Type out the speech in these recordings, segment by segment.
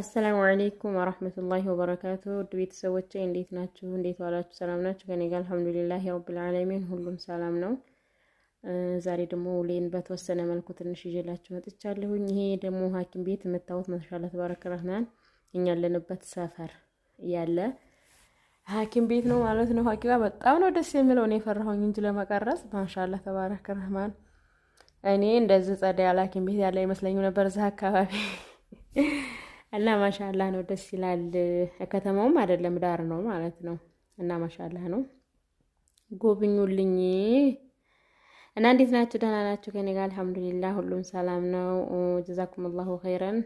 አሰላሙ አለይኩም ወረህመቱላሂ ወበረካቱ ውድ ቤተሰቦቼ እንዴት ናችሁ? እንዴት ዋላችሁ? ሰላም ናችሁ? ከኔ ጋር አልሐምዱሊላሂ ረብል ዓለሚን ሁሉም ሰላም ነው። ዛሬ ደግሞ ውሌን በተወሰነ መልኩ ትንሽ ይዤላችሁ መጥቻለሁኝ። ይሄ ደግሞ ሐኪም ቤት የምታዩት ማሻአላህ ተባረከ ረህማን እኛ ያለንበት ሰፈር ያለ ሐኪም ቤት ነው ማለት ነው። ሐኪማ በጣም ነው ደስ የሚለው። እኔ የፈራሁኝ እንጂ ለመቀረጽ ማሻአላህ ተባረከ ረህማን። እኔ እንደዚህ ጸዳ ያለ ሐኪም ቤት ያለ አይመስለኝም ነበር እዚህ አካባቢ እና ማሻላህ ነው፣ ደስ ይላል። ከተማውም አይደለም ዳር ነው ማለት ነው። እና ማሻላ ነው፣ ጎብኙልኝ። እና እንዴት ናችሁ? ደህና ናችሁ? ከኔ ጋር አልሐምዱሊላ ሁሉም ሰላም ነው። ጀዛኩም ላሁ ኸይረን።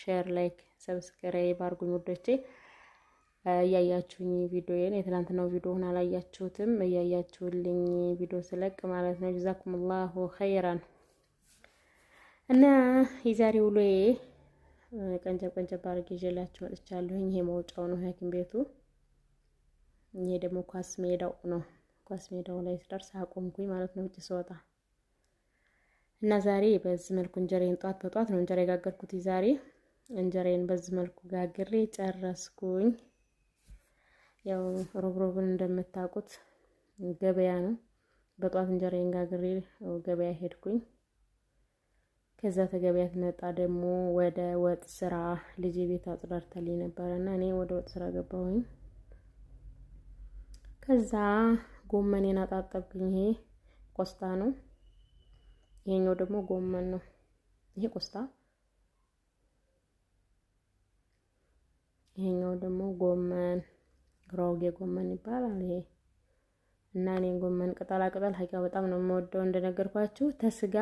ሼር፣ ላይክ፣ ሰብስክራይብ አርጉኝ ውዶቼ። እያያችሁኝ ቪዲዮዬን የትናንትናው ቪዲዮውን አላያችሁትም፣ እያያችሁልኝ ቪዲዮ ስለቅ ማለት ነው። ጀዛኩም አላሁ ኸይረን። እና የዛሬ ውሎዬ ቀንጨብ ቀንጨብ አድርጌ ይዤላችሁ መጥቻለሁ። ይሄ መውጫው ነው ሐኪም ቤቱ። ይሄ ደግሞ ኳስ ሜዳው ነው። ኳስ ሜዳው ላይ ስደርስ አቆምኩኝ ማለት ነው ውጭ ስወጣ እና ዛሬ በዚህ መልኩ እንጀሬን ጧት በጧት ነው እንጀራ የጋገርኩት። ዛሬ እንጀሬን በዚህ መልኩ ጋግሬ ጨረስኩኝ። ያው ሮብሮብን እንደምታውቁት ገበያ ነው። በጧት እንጀራዬን ጋግሬ ገበያ ሄድኩኝ። ከዛ ተገቢያ ትመጣ ደግሞ ወደ ወጥ ስራ ልጅ ቤት አጽዳርታልኝ ነበረ እና እኔ ወደ ወጥ ስራ ገባሁኝ። ከዛ ጎመኔን አጣጠብኩኝ። ይሄ ቆስጣ ነው፣ ይሄኛው ደግሞ ጎመን ነው። ይሄ ቆስጣ፣ ይሄኛው ደግሞ ጎመን ግራውጌ ጎመን ይባላል ይሄ እና እኔ ጎመን ቅጠላ ቅጠል ሀቂያ በጣም ነው የምወደው እንደነገርኳችሁ ተስጋ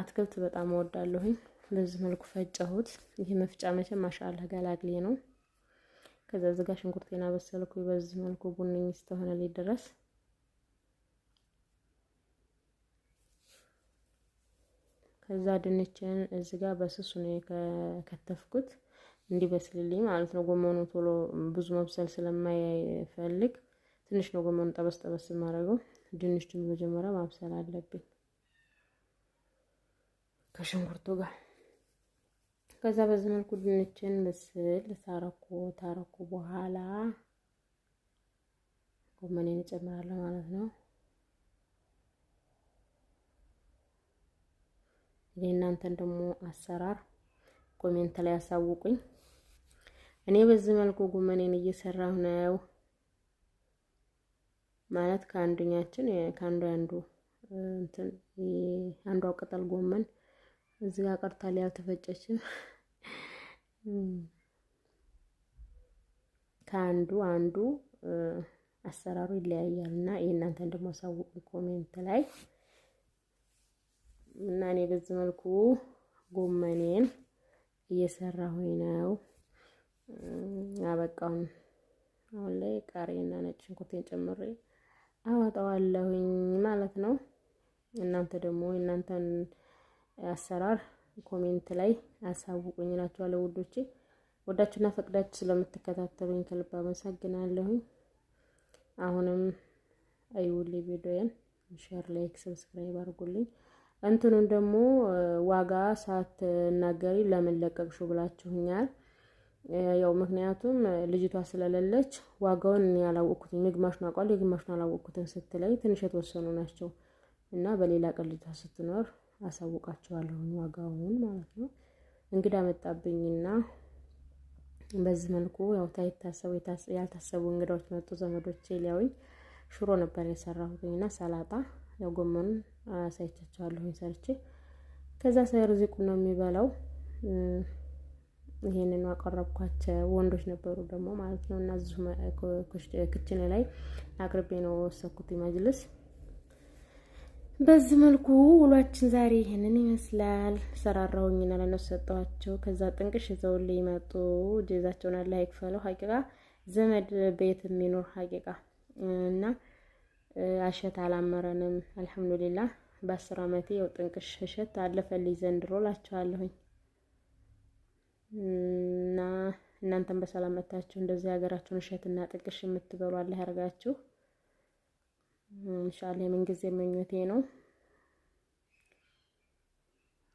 አትክልት በጣም እወዳለሁኝ። በዚህ መልኩ ፈጨሁት። ይህ መፍጫ መቼም ማሻአላ ገላግሌ ነው። ከዛ ዝጋ ጋር ሽንኩርቴን አበሰልኩ። በዚህ መልኩ ቡኒ እስከሆነ ላይ ድረስ ከዛ ድንችን እዚህ ጋር በስሱ ነው የከተፍኩት እንዲበስልልኝ ማለት ነው። ጎመኑ ቶሎ ብዙ መብሰል ስለማይፈልግ ትንሽ ነው ጎመኑ ጠበስ ጠበስ የማደርገው። ድንቹን መጀመሪያ ማብሰል አለብኝ። ከሽንኩርቱ ጋር ከዛ በዚህ መልኩ ድንችን ብስል ታረኩ ታረኩ በኋላ ጎመኔን እጨምራለሁ ማለት ነው። የእናንተን ደግሞ አሰራር ኮሜንት ላይ ያሳውቁኝ። እኔ በዚህ መልኩ ጎመኔን እየሰራሁ ነው ማለት ከአንዱኛችን ከአንዱ አንዱ አንዷ ቅጠል ጎመን እዚህ ጋር ቀርታ ላይ ተፈጨችም ከአንዱ አንዱ አሰራሩ ይለያያል እና የእናንተን ደግሞ አሳውቁ ኮሜንት ላይ እና እኔ በዚህ መልኩ ጎመኔን እየሰራሁኝ ነው። አበቃውን አሁን ላይ ቃሪያና ነጭ ሽንኩርቴን ጨምሬ አወጣዋለሁኝ ማለት ነው። እናንተ ደግሞ የእናንተን አሰራር ኮሜንት ላይ አሳውቁኝ እላችኋለሁ ውዶቼ። ወዳችሁና ፈቅዳችሁ ስለምትከታተሉኝ ከልብ አመሰግናለሁኝ። አሁንም አይውል ቪዲዮዬን ሼር፣ ላይክ፣ ሰብስክራይብ አድርጉልኝ። እንትኑን ደግሞ ዋጋ ሳትናገሪ ለምን ለቀቅሽው ብላችሁኛል። ያው ምክንያቱም ልጅቷ ስለሌለች ዋጋውን እኔ አላወቅኩትም። የግማሹን አውቃለሁ የግማሹን አላወቅኩትም ስትለኝ ትንሽ የተወሰኑ ናቸው እና በሌላ ቀን ልጅቷ ስትኖር አሳውቃቸዋለሁኝ ዋጋውን ማለት ነው። እንግዳ መጣብኝና በዚህ መልኩ ያው ታይታሰቡ ያልታሰቡ እንግዳዎች መጡ። ዘመዶቼ ሊያዩኝ ሽሮ ነበር የሰራሁትኝ እና ሰላጣ ያው ጎመኑን አሳይቻቸዋለሁኝ ሰርቼ ከዛ ሳይርዚቁ ነው የሚበላው። ይሄንን አቀረብኳቸው። ወንዶች ነበሩ ደግሞ ማለት ነው እና እዚሁ ክችኔ ላይ አቅርቤ ነው ወሰኩት መጅልስ በዚህ መልኩ ውሏችን ዛሬ ይህንን ይመስላል። ሰራራሁኝና ለነሱ ሰጠኋቸው። ከዛ ጥንቅሽ ይዘውልኝ መጡ። ጀዛቸውን አላህ ይክፈለው። ሀቂቃ ዘመድ ቤት የሚኖር ሀቂቃ እና አሸት አላመረንም። አልሐምዱሊላ በአስር አመቴ ያው ጥንቅሽ እሸት አለፈልኝ ዘንድሮ ላቸዋለሁኝ እና እናንተም በሰላም መታችሁ እንደዚህ ሀገራችሁን እና ጥንቅሽ የምትበሉ አላህ ያርጋችሁ። ኢንሻአላህ የምንጊዜ ምኞቴ ነው።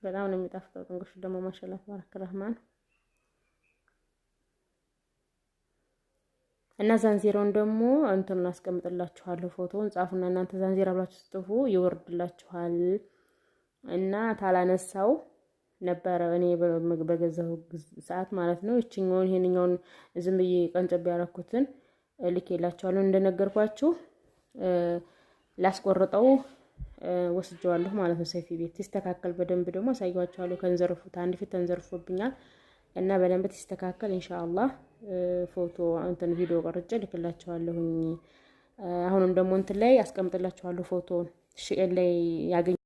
በጣም ነው የሚጣፍጠው። ጥንቅሹ ደግሞ ማሻላ ተባረከ ረህማን እና ዛንዜራውን ደግሞ እንትኑን አስቀምጥላችኋለሁ ፎቶን ጻፉና እናንተ ዛንዜራ ብላችሁ ስጥፉ ይወርድላችኋል። እና ታላነሳው ነበረ እኔ በገዛሁ ሰዓት ማለት ነው። ይችኛውን ይሄንኛውን ዝም ብዬ ቀንጨብ ያረኩትን ልኬላችኋለሁ እንደነገርኳችሁ ላስቆርጠው ወስጀዋለሁ ማለት ነው። ሰፊ ቤት ሲስተካከል በደንብ ደግሞ አሳያችኋለሁ። ከንዘርፉት አንድ ፊት ተንዘርፎብኛል እና በደንብ ሲስተካከል ኢንሻአላህ ፎቶ እንትን ቪዲዮ ቀርጬ ልክላቸዋለሁኝ። አሁንም ደግሞ እንትን ላይ አስቀምጥላችኋለሁ ፎቶ ሽኤል ላይ ያገኝ